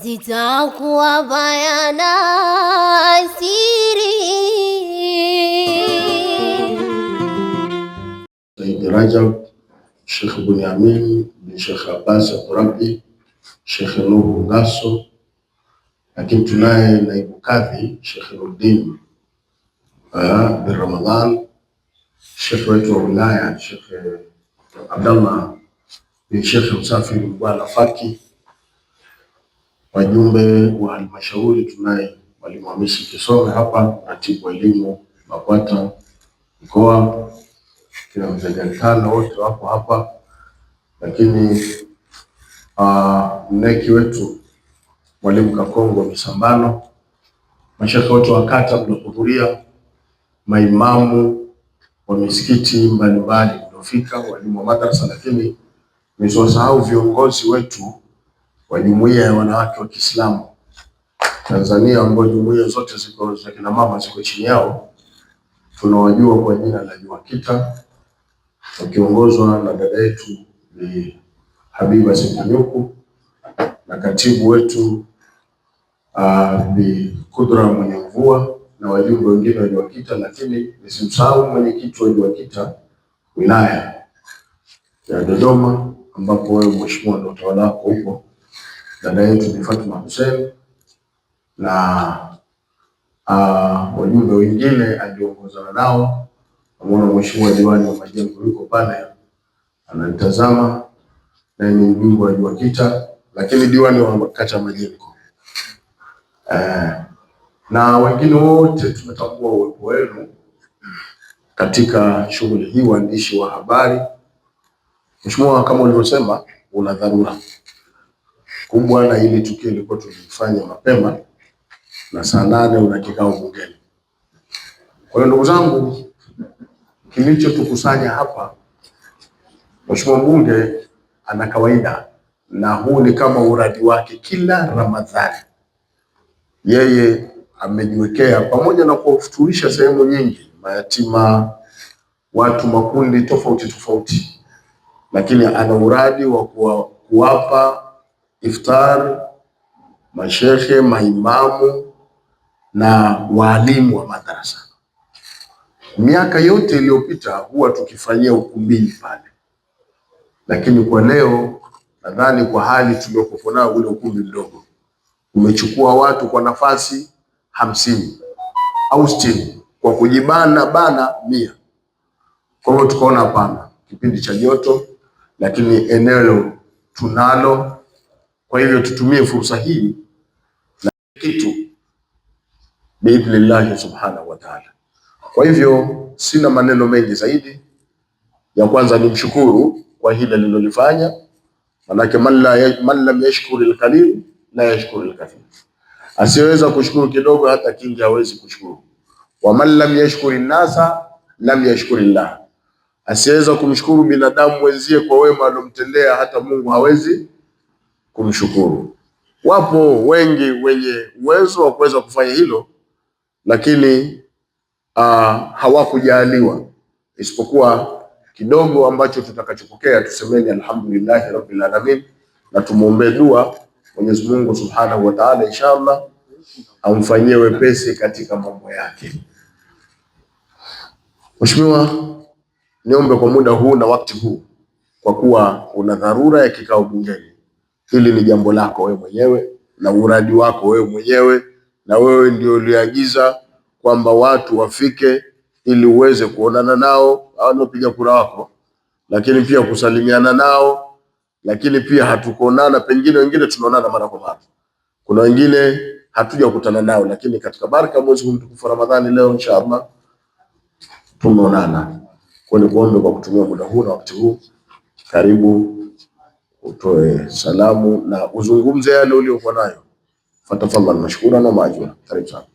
zitakuwa bayana siri. Said Rajab, Sheikh Bunyamin bin Sheikh Abbas Abdurabbi, Sheikh Nuhu Ngaso, lakini tunaye naibu kadhi Sheikh Nuruddin bin Ramadhan, Sheikh wetu wa wilaya Sheikh Abdallah bin Sheikh Msafi Bwana Faki Wajumbe wa halmashauri tunaye mwalimu Hamisi Kisome hapa, mratibu wa elimu BAKWATA mkoa, kina mzee Galkano wote wako hapa, lakini ah, mneki wetu mwalimu Kakongo Misambano, mashaka wote wa kata mliohudhuria, maimamu wa misikiti mbalimbali mliofika, walimu wa madrasa, lakini nisiwasahau viongozi wetu wa jumuiya ya wanawake wa Kiislamu Tanzania ambao jumuiya zote ziko za kina mama ziko chini yao, tunawajua kwa jina la JUMAKITA wakiongozwa na dada yetu ni Habiba Zitanyuku na katibu wetu ni Kudra mwenye mvua na wajumbe wengine wa JUMAKITA, lakini nisimsahau mwenyekiti wa JUMAKITA wilaya ya Dodoma ambapo wewe mheshimiwa ndio utawala wako huko dada yetu ni Fatuma Hussein na uh, wajumbe wengine aliongozana nao. Namuona mheshimiwa diwani wa majengo yuko pale ananitazama, na ni mjumbe wa JUWAKITA lakini diwani wa kata Majengo eh, na wengine wote tumetambua uwepo wenu katika shughuli hii, waandishi wa habari. Mheshimiwa, kama ulivyosema una dharura kubwa, na hili tukio ilikuwa tulifanya mapema na saa nane una kikao bungeni. Kwa hiyo ndugu zangu, kilichotukusanya hapa, mheshimiwa mbunge ana kawaida, na huu ni kama uradi wake. Kila Ramadhani yeye amejiwekea, pamoja na kuwafuturisha sehemu nyingi, mayatima, watu makundi tofauti tofauti, lakini ana uradi wa kuwapa iftar, mashehe, maimamu na waalimu wa madarasa. Miaka yote iliyopita huwa tukifanyia ukumbini pale, lakini kwa leo nadhani kwa hali tuliokuwepo nayo, ule ukumbi mdogo umechukua watu kwa nafasi hamsini au sitini, kwa kujibana bana mia. Kwa hiyo tukaona hapana, kipindi cha joto, lakini eneo tunalo kwa hivyo tutumie fursa hii na kitu biidhnillahi subhanahu wa ta'ala. Kwa hivyo sina maneno mengi zaidi, ya kwanza ni mshukuru kwa hili alilolifanya, manake man, man lam yashkuru alqalil la yashkuru alkathir, asiyeweza kushukuru kidogo hata kingi hawezi kushukuru. Wa man lam yashkuri nasa lam yashkuri llah, asiyeweza kumshukuru binadamu wenzie kwa wema alomtendea hata Mungu hawezi kumshukuru. Wapo wengi wenye uwezo wa kuweza kufanya hilo, lakini uh, hawakujaliwa isipokuwa kidogo ambacho tutakachopokea, tusemeni alhamdulillahi rabbil alamin, na tumwombee dua Mwenyezi Mungu subhanahu wa Ta'ala, inshallah amfanyie wepesi katika mambo yake. Mheshimiwa, niombe kwa muda huu na wakati huu, kwa kuwa una dharura ya kikao bungeni Hili ni jambo lako wewe mwenyewe na uradi wako wewe mwenyewe, na wewe ndio uliagiza kwamba watu wafike ili uweze kuonana nao au wanaopiga kura wako, lakini pia kusalimiana nao, lakini pia hatukuonana. Pengine wengine tunaonana mara kwa mara, kuna wengine hatujakutana nao, lakini katika baraka mwezi huu mtukufu Ramadhani, leo inshallah tumeonana. Kwa ni kuombe kwa kutumia muda huu na wakati huu, karibu utoe salamu na uzungumze yale uliokuwa nayo. Fatafadhal nashukuru na maajura. Karibu sana.